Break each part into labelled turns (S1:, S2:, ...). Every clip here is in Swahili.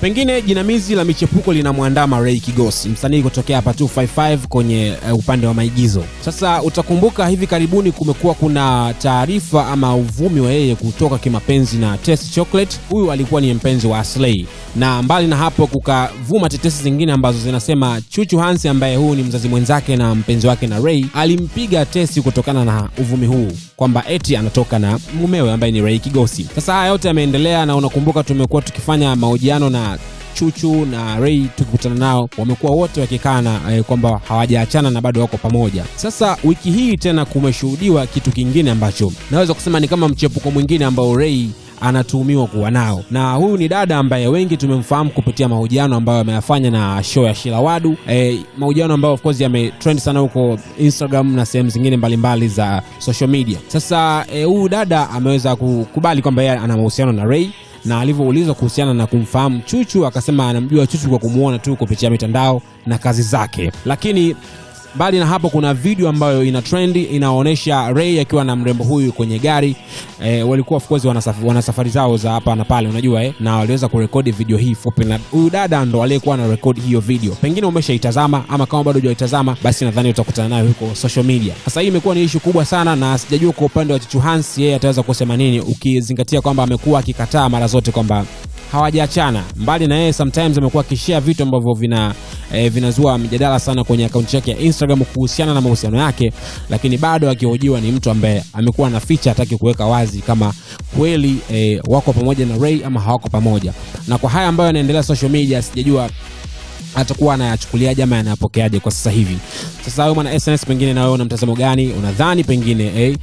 S1: Pengine jinamizi la michepuko linamwandama Ray Kigosi, msanii kutokea hapa 255 kwenye uh, upande wa maigizo. Sasa utakumbuka hivi karibuni kumekuwa kuna taarifa ama uvumi wa yeye kutoka kimapenzi na Test Chocolate. Huyu alikuwa ni mpenzi wa Aslay, na mbali na hapo kukavuma tetesi zingine ambazo zinasema Chuchu hansi ambaye huu ni mzazi mwenzake na mpenzi wake na Ray alimpiga Test kutokana na uvumi huu kwamba eti anatoka na mumewe ambaye ni Ray Kigosi. Sasa haya yote yameendelea, na unakumbuka tumekuwa tukifanya mahojiano na Chuchu na rei tukikutana nao wamekuwa wote wakikana eh, kwamba hawajaachana na bado wako pamoja. Sasa wiki hii tena kumeshuhudiwa kitu kingine ambacho naweza kusema ni kama mchepuko mwingine ambao rei anatuhumiwa kuwa nao, na huyu ni dada ambaye wengi tumemfahamu kupitia mahojiano ambayo ameyafanya na show ya Shila Wadu e, mahojiano ambayo of course yametrend sana huko Instagram na sehemu zingine mbalimbali za social media. Sasa e, huyu dada ameweza kukubali kwamba yeye ana mahusiano na Ray na alivyoulizwa kuhusiana na kumfahamu Chuchu akasema anamjua Chuchu kwa kumwona tu kupitia mitandao na kazi zake, lakini Mbali na hapo, kuna video ambayo ina trend inaonyesha Ray akiwa na mrembo huyu kwenye gari e, walikuwa of course safari zao za hapa na pale unajua eh, na waliweza kurekodi video hii fupi, na huyu dada ndo aliyekuwa na rekodi hiyo video. Pengine umeshaitazama ama kama bado hujaitazama, basi nadhani utakutana nayo huko social media. Sasa hii imekuwa ni issue kubwa sana, na sijajua kwa upande wa Chuchu Hans yeye ataweza kusema nini, ukizingatia kwamba amekuwa akikataa mara zote kwamba hawajaachana. Mbali na yeye, sometimes amekuwa akishare vitu ambavyo vina e, vinazua mjadala sana kwenye akaunti yake ya Instagram kuhusiana na mahusiano yake, lakini bado akihojiwa ni mtu ambaye amekuwa na ficha hataki kuweka wazi kama kweli e, wako pamoja na Ray ama hawako pamoja. Na kwa haya ambayo yanaendelea social media, sijajua atakuwa anayachukuliaje ama anayapokeaje kwa sasa hivi. Sasa wewe mwana SNS, pengine na wewe una mtazamo gani? Unadhani pengine eh,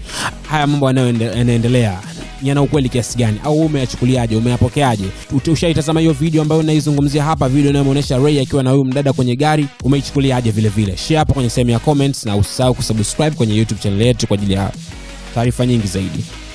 S1: haya mambo yanayoendelea yana ukweli kiasi gani, au umeyachukuliaje, umeyapokeaje? Ushaitazama hiyo video ambayo naizungumzia hapa, video inayoonyesha Ray akiwa na huyu mdada kwenye gari, umeichukuliaje? Vile vile share hapo kwenye sehemu ya comments, na usisahau kusubscribe kwenye YouTube channel yetu kwa ajili ya taarifa nyingi zaidi.